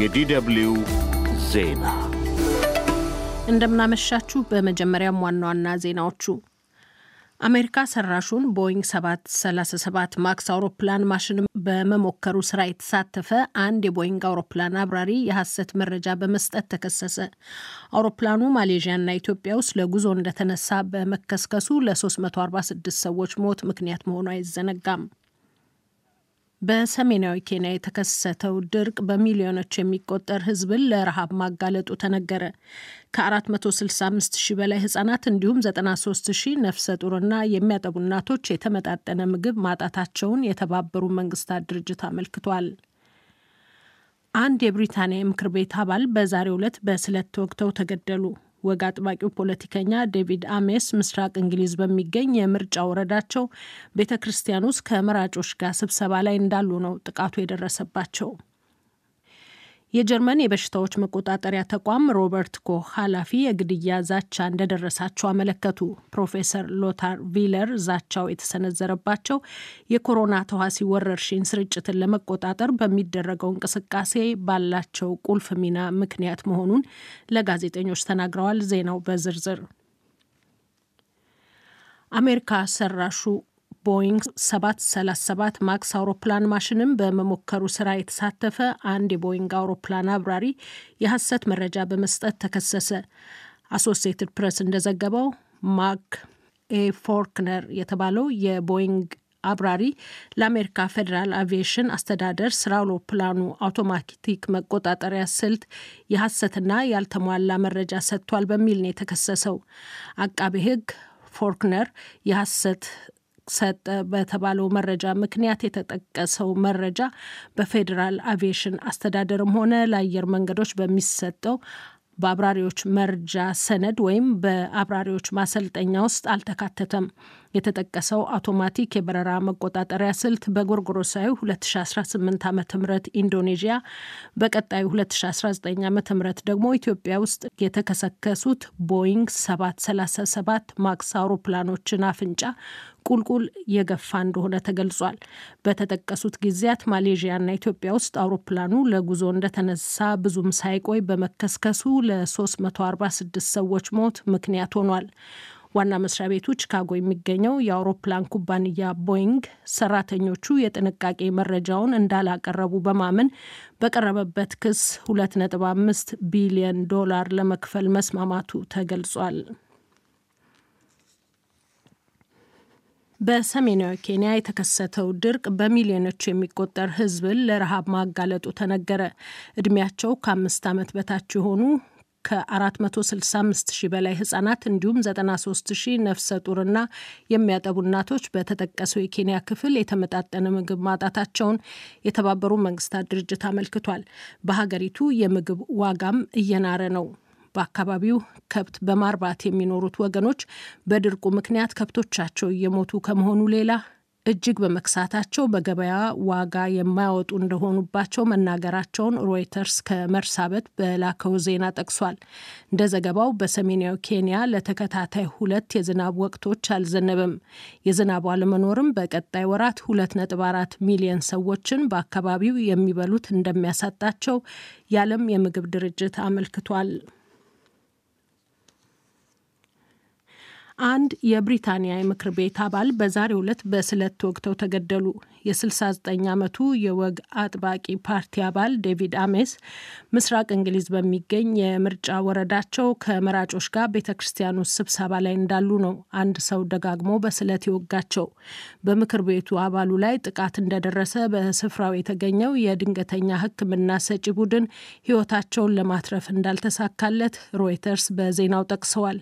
የዲደብልዩ ዜና እንደምናመሻችሁ። በመጀመሪያም ዋና ዋና ዜናዎቹ አሜሪካ ሰራሹን ቦይንግ 737 ማክስ አውሮፕላን ማሽን በመሞከሩ ስራ የተሳተፈ አንድ የቦይንግ አውሮፕላን አብራሪ የሐሰት መረጃ በመስጠት ተከሰሰ። አውሮፕላኑ ማሌዥያና ኢትዮጵያ ውስጥ ለጉዞ እንደተነሳ በመከስከሱ ለ346 ሰዎች ሞት ምክንያት መሆኑ አይዘነጋም። በሰሜናዊ ኬንያ የተከሰተው ድርቅ በሚሊዮኖች የሚቆጠር ሕዝብን ለረሃብ ማጋለጡ ተነገረ። ከ465 ሺህ በላይ ህጻናት እንዲሁም 93 ሺህ ነፍሰ ጡርና የሚያጠቡ እናቶች የተመጣጠነ ምግብ ማጣታቸውን የተባበሩ መንግስታት ድርጅት አመልክቷል። አንድ የብሪታንያ የምክር ቤት አባል በዛሬው ዕለት በስለት ተወግተው ተገደሉ። ወግ አጥባቂው ፖለቲከኛ ዴቪድ አሜስ ምስራቅ እንግሊዝ በሚገኝ የምርጫ ወረዳቸው ቤተ ክርስቲያን ውስጥ ከመራጮች ጋር ስብሰባ ላይ እንዳሉ ነው ጥቃቱ የደረሰባቸው። የጀርመን የበሽታዎች መቆጣጠሪያ ተቋም ሮበርት ኮህ ኃላፊ የግድያ ዛቻ እንደደረሳቸው አመለከቱ። ፕሮፌሰር ሎታር ቪለር ዛቻው የተሰነዘረባቸው የኮሮና ተዋሲ ወረርሽኝ ስርጭትን ለመቆጣጠር በሚደረገው እንቅስቃሴ ባላቸው ቁልፍ ሚና ምክንያት መሆኑን ለጋዜጠኞች ተናግረዋል። ዜናው በዝርዝር አሜሪካ ሰራሹ ቦይንግ 737 ማክስ አውሮፕላን ማሽንም በመሞከሩ ስራ የተሳተፈ አንድ የቦይንግ አውሮፕላን አብራሪ የሐሰት መረጃ በመስጠት ተከሰሰ። አሶሲየትድ ፕሬስ እንደዘገበው ማክ ኤ ፎርክነር የተባለው የቦይንግ አብራሪ ለአሜሪካ ፌዴራል አቪዬሽን አስተዳደር ስራ አውሮፕላኑ አውቶማቲክ መቆጣጠሪያ ስልት የሐሰትና ያልተሟላ መረጃ ሰጥቷል በሚል ነው የተከሰሰው። አቃቤ ሕግ ፎርክነር የሐሰት ሰጠ በተባለው መረጃ ምክንያት የተጠቀሰው መረጃ በፌዴራል አቪዬሽን አስተዳደርም ሆነ ለአየር መንገዶች በሚሰጠው በአብራሪዎች መርጃ ሰነድ ወይም በአብራሪዎች ማሰልጠኛ ውስጥ አልተካተተም። የተጠቀሰው አውቶማቲክ የበረራ መቆጣጠሪያ ስልት በጎርጎሮሳዊ 2018 ዓ ም ኢንዶኔዥያ በቀጣዩ 2019 ዓ ም ደግሞ ኢትዮጵያ ውስጥ የተከሰከሱት ቦይንግ 737 ማክስ አውሮፕላኖችን አፍንጫ ቁልቁል የገፋ እንደሆነ ተገልጿል። በተጠቀሱት ጊዜያት ማሌዥያና ኢትዮጵያ ውስጥ አውሮፕላኑ ለጉዞ እንደተነሳ ብዙም ሳይቆይ በመከስከሱ ለ346 ሰዎች ሞት ምክንያት ሆኗል። ዋና መስሪያ ቤቱ ቺካጎ የሚገኘው የአውሮፕላን ኩባንያ ቦይንግ ሰራተኞቹ የጥንቃቄ መረጃውን እንዳላቀረቡ በማመን በቀረበበት ክስ 2.5 ቢሊዮን ዶላር ለመክፈል መስማማቱ ተገልጿል። በሰሜናዊ ኬንያ የተከሰተው ድርቅ በሚሊዮኖች የሚቆጠር ሕዝብን ለረሃብ ማጋለጡ ተነገረ። እድሜያቸው ከአምስት ዓመት በታች የሆኑ ከ465 ሺህ በላይ ህጻናት እንዲሁም 93 ሺህ ነፍሰ ጡርና የሚያጠቡ እናቶች በተጠቀሰው የኬንያ ክፍል የተመጣጠነ ምግብ ማጣታቸውን የተባበሩ መንግስታት ድርጅት አመልክቷል። በሀገሪቱ የምግብ ዋጋም እየናረ ነው። በአካባቢው ከብት በማርባት የሚኖሩት ወገኖች በድርቁ ምክንያት ከብቶቻቸው እየሞቱ ከመሆኑ ሌላ እጅግ በመክሳታቸው በገበያ ዋጋ የማያወጡ እንደሆኑባቸው መናገራቸውን ሮይተርስ ከመርሳበት በላከው ዜና ጠቅሷል። እንደ ዘገባው በሰሜናዊ ኬንያ ለተከታታይ ሁለት የዝናብ ወቅቶች አልዘነበም። የዝናቡ አለመኖርም በቀጣይ ወራት 2.4 ሚሊዮን ሰዎችን በአካባቢው የሚበሉት እንደሚያሳጣቸው የዓለም የምግብ ድርጅት አመልክቷል። አንድ የብሪታንያ የምክር ቤት አባል በዛሬው ዕለት በስለት ተወግተው ተገደሉ። የ69 ዓመቱ የወግ አጥባቂ ፓርቲ አባል ዴቪድ አሜስ ምስራቅ እንግሊዝ በሚገኝ የምርጫ ወረዳቸው ከመራጮች ጋር ቤተ ክርስቲያኑ ስብሰባ ላይ እንዳሉ ነው አንድ ሰው ደጋግሞ በስለት የወጋቸው። በምክር ቤቱ አባሉ ላይ ጥቃት እንደደረሰ በስፍራው የተገኘው የድንገተኛ ሕክምና ሰጪ ቡድን ሕይወታቸውን ለማትረፍ እንዳልተሳካለት ሮይተርስ በዜናው ጠቅሰዋል።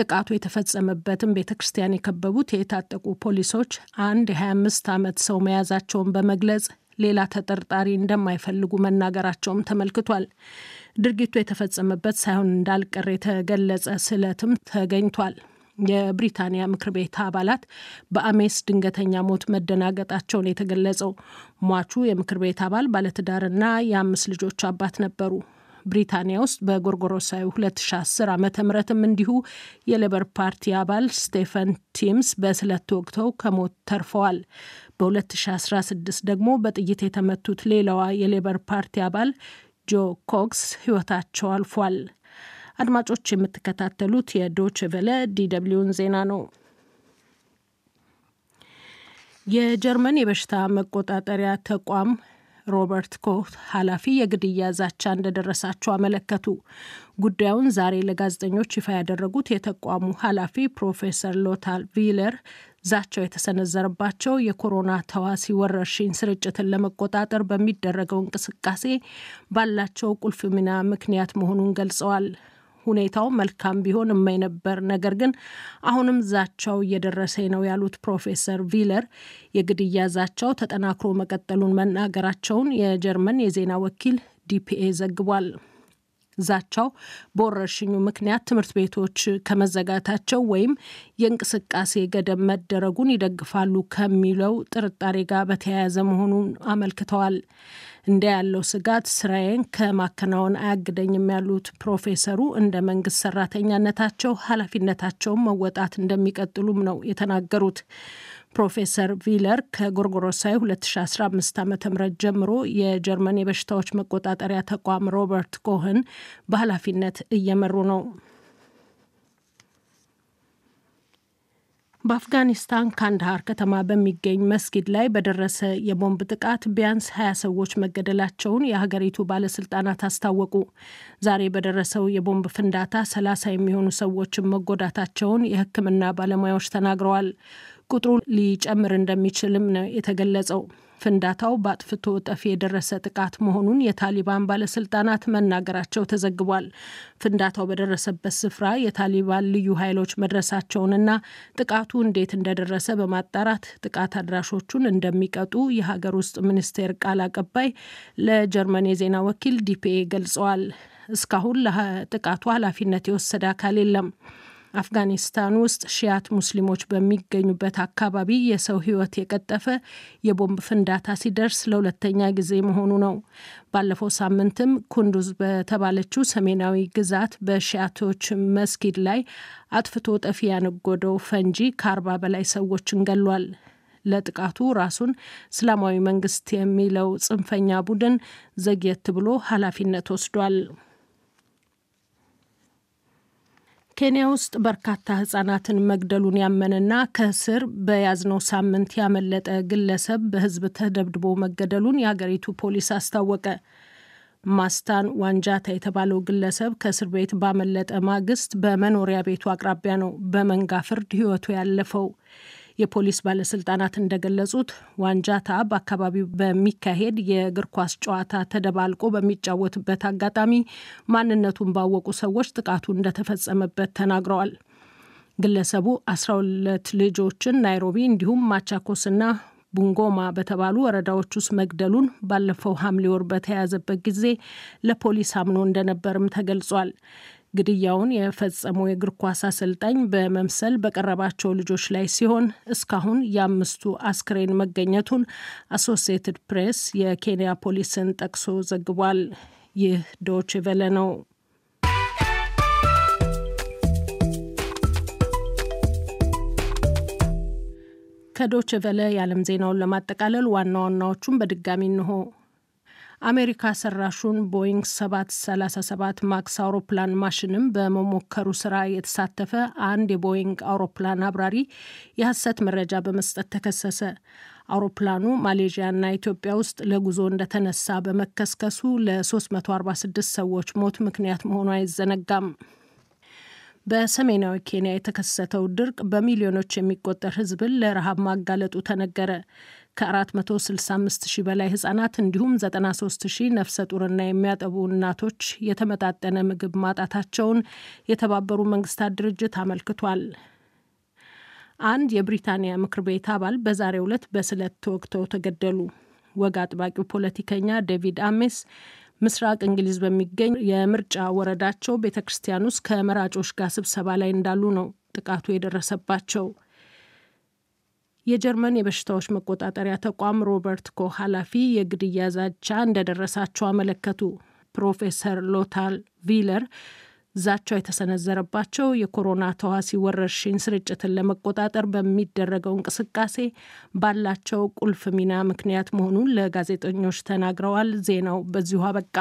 ጥቃቱ የተፈጸመበትም ቤተ ክርስቲያን የከበቡት የታጠቁ ፖሊሶች አንድ የ25 ዓመት ሰው መያዛቸውን በመግለጽ ሌላ ተጠርጣሪ እንደማይፈልጉ መናገራቸውም ተመልክቷል። ድርጊቱ የተፈጸመበት ሳይሆን እንዳልቀር የተገለጸ ስዕለትም ተገኝቷል። የብሪታንያ ምክር ቤት አባላት በአሜስ ድንገተኛ ሞት መደናገጣቸውን የተገለጸው ሟቹ የምክር ቤት አባል ባለትዳርና የአምስት ልጆች አባት ነበሩ። ብሪታንያ ውስጥ በጎርጎሮሳዊ 2010 ዓ ምትም እንዲሁ የሌበር ፓርቲ አባል ስቴፈን ቲምስ በስለት ተወግተው ከሞት ተርፈዋል። በ2016 ደግሞ በጥይት የተመቱት ሌላዋ የሌበር ፓርቲ አባል ጆ ኮክስ ህይወታቸው አልፏል። አድማጮች የምትከታተሉት የዶች ቨለ ዲደብሊውን ዜና ነው። የጀርመን የበሽታ መቆጣጠሪያ ተቋም ሮበርት ኮህ ኃላፊ የግድያ ዛቻ እንደደረሳቸው አመለከቱ። ጉዳዩን ዛሬ ለጋዜጠኞች ይፋ ያደረጉት የተቋሙ ኃላፊ ፕሮፌሰር ሎታል ቪለር ዛቻው የተሰነዘረባቸው የኮሮና ተዋሲ ወረርሽኝ ስርጭትን ለመቆጣጠር በሚደረገው እንቅስቃሴ ባላቸው ቁልፍ ሚና ምክንያት መሆኑን ገልጸዋል። ሁኔታው መልካም ቢሆን እመኝ ነበር፣ ነገር ግን አሁንም ዛቻው እየደረሰኝ ነው ያሉት ፕሮፌሰር ቪለር የግድያ ዛቻው ተጠናክሮ መቀጠሉን መናገራቸውን የጀርመን የዜና ወኪል ዲፒኤ ዘግቧል። ዛቻው በወረርሽኙ ምክንያት ትምህርት ቤቶች ከመዘጋታቸው ወይም የእንቅስቃሴ ገደብ መደረጉን ይደግፋሉ ከሚለው ጥርጣሬ ጋር በተያያዘ መሆኑን አመልክተዋል። እንደ ያለው ስጋት ስራዬን ከማከናወን አያግደኝም ያሉት ፕሮፌሰሩ እንደ መንግስት ሰራተኛነታቸው ኃላፊነታቸውን መወጣት እንደሚቀጥሉም ነው የተናገሩት። ፕሮፌሰር ቪለር ከጎርጎሮሳዊ 2015 ዓ ም ጀምሮ የጀርመን የበሽታዎች መቆጣጠሪያ ተቋም ሮበርት ኮህን በኃላፊነት እየመሩ ነው። በአፍጋኒስታን ካንዳሃር ከተማ በሚገኝ መስጊድ ላይ በደረሰ የቦምብ ጥቃት ቢያንስ ሀያ ሰዎች መገደላቸውን የሀገሪቱ ባለስልጣናት አስታወቁ። ዛሬ በደረሰው የቦምብ ፍንዳታ ሰላሳ የሚሆኑ ሰዎችን መጎዳታቸውን የሕክምና ባለሙያዎች ተናግረዋል። ቁጥሩ ሊጨምር እንደሚችልም ነው የተገለጸው። ፍንዳታው በአጥፍቶ ጠፊ የደረሰ ጥቃት መሆኑን የታሊባን ባለስልጣናት መናገራቸው ተዘግቧል። ፍንዳታው በደረሰበት ስፍራ የታሊባን ልዩ ኃይሎች መድረሳቸውንና ጥቃቱ እንዴት እንደደረሰ በማጣራት ጥቃት አድራሾቹን እንደሚቀጡ የሀገር ውስጥ ሚኒስቴር ቃል አቀባይ ለጀርመን የዜና ወኪል ዲፒኤ ገልጸዋል። እስካሁን ለጥቃቱ ኃላፊነት የወሰደ አካል የለም። አፍጋኒስታን ውስጥ ሺያት ሙስሊሞች በሚገኙበት አካባቢ የሰው ሕይወት የቀጠፈ የቦምብ ፍንዳታ ሲደርስ ለሁለተኛ ጊዜ መሆኑ ነው። ባለፈው ሳምንትም ኩንዱዝ በተባለችው ሰሜናዊ ግዛት በሺያቶች መስጊድ ላይ አጥፍቶ ጠፊ ያነጎደው ፈንጂ ከአርባ በላይ ሰዎችን ገሏል። ለጥቃቱ ራሱን እስላማዊ መንግስት የሚለው ጽንፈኛ ቡድን ዘግየት ብሎ ኃላፊነት ወስዷል። ኬንያ ውስጥ በርካታ ህጻናትን መግደሉን ያመነና ከእስር በያዝነው ሳምንት ያመለጠ ግለሰብ በህዝብ ተደብድቦ መገደሉን የሀገሪቱ ፖሊስ አስታወቀ። ማስታን ዋንጃታ የተባለው ግለሰብ ከእስር ቤት ባመለጠ ማግስት በመኖሪያ ቤቱ አቅራቢያ ነው በመንጋ ፍርድ ህይወቱ ያለፈው። የፖሊስ ባለስልጣናት እንደገለጹት ዋንጃታ በአካባቢው በሚካሄድ የእግር ኳስ ጨዋታ ተደባልቆ በሚጫወትበት አጋጣሚ ማንነቱን ባወቁ ሰዎች ጥቃቱ እንደተፈጸመበት ተናግረዋል። ግለሰቡ 12 ልጆችን ናይሮቢ እንዲሁም ማቻኮስና ቡንጎማ በተባሉ ወረዳዎች ውስጥ መግደሉን ባለፈው ሐምሌ ወር በተያዘበት ጊዜ ለፖሊስ አምኖ እንደነበርም ተገልጿል። ግድያውን የፈጸመው የእግር ኳስ አሰልጣኝ በመምሰል በቀረባቸው ልጆች ላይ ሲሆን እስካሁን የአምስቱ አስክሬን መገኘቱን አሶሲየትድ ፕሬስ የኬንያ ፖሊስን ጠቅሶ ዘግቧል። ይህ ዶች ቨለ ነው። ከዶች ቬለ የዓለም ዜናውን ለማጠቃለል ዋና ዋናዎቹን በድጋሚ እንሆ አሜሪካ ሰራሹን ቦይንግ 737 ማክስ አውሮፕላን ማሽንም በመሞከሩ ስራ የተሳተፈ አንድ የቦይንግ አውሮፕላን አብራሪ የሐሰት መረጃ በመስጠት ተከሰሰ። አውሮፕላኑ ማሌዥያና ኢትዮጵያ ውስጥ ለጉዞ እንደተነሳ በመከስከሱ ለ346 ሰዎች ሞት ምክንያት መሆኑ አይዘነጋም። በሰሜናዊ ኬንያ የተከሰተው ድርቅ በሚሊዮኖች የሚቆጠር ሕዝብን ለረሃብ ማጋለጡ ተነገረ። ከ465 ሺህ በላይ ህጻናት እንዲሁም 93 ሺህ ነፍሰ ጡርና የሚያጠቡ እናቶች የተመጣጠነ ምግብ ማጣታቸውን የተባበሩ መንግስታት ድርጅት አመልክቷል። አንድ የብሪታንያ ምክር ቤት አባል በዛሬው ዕለት በስለት ተወግተው ተገደሉ። ወግ አጥባቂው ፖለቲከኛ ዴቪድ አሜስ ምስራቅ እንግሊዝ በሚገኝ የምርጫ ወረዳቸው ቤተ ክርስቲያን ውስጥ ከመራጮች ጋር ስብሰባ ላይ እንዳሉ ነው ጥቃቱ የደረሰባቸው። የጀርመን የበሽታዎች መቆጣጠሪያ ተቋም ሮበርት ኮ ኃላፊ የግድያ ዛቻ እንደደረሳቸው አመለከቱ። ፕሮፌሰር ሎታል ቪለር ዛቻው የተሰነዘረባቸው የኮሮና ተዋሲ ወረርሽኝ ስርጭትን ለመቆጣጠር በሚደረገው እንቅስቃሴ ባላቸው ቁልፍ ሚና ምክንያት መሆኑን ለጋዜጠኞች ተናግረዋል። ዜናው በዚሁ አበቃ።